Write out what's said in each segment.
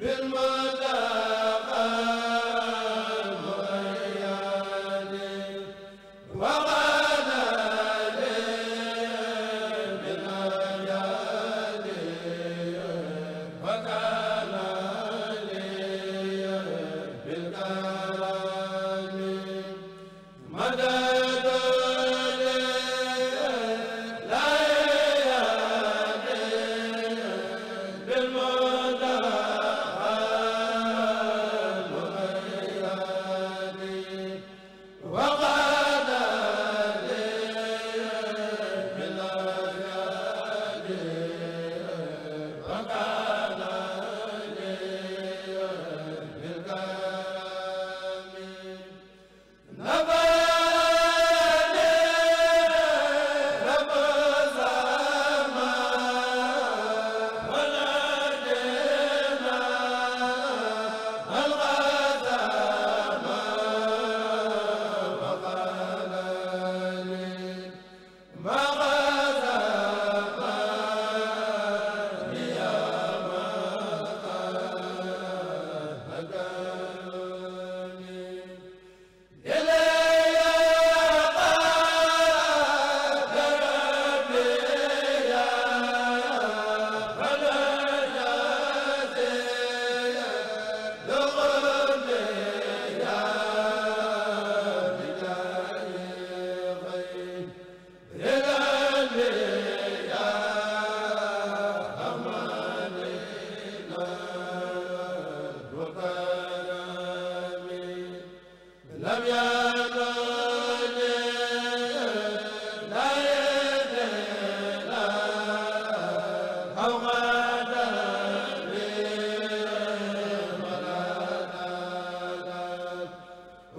بالمدى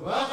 wa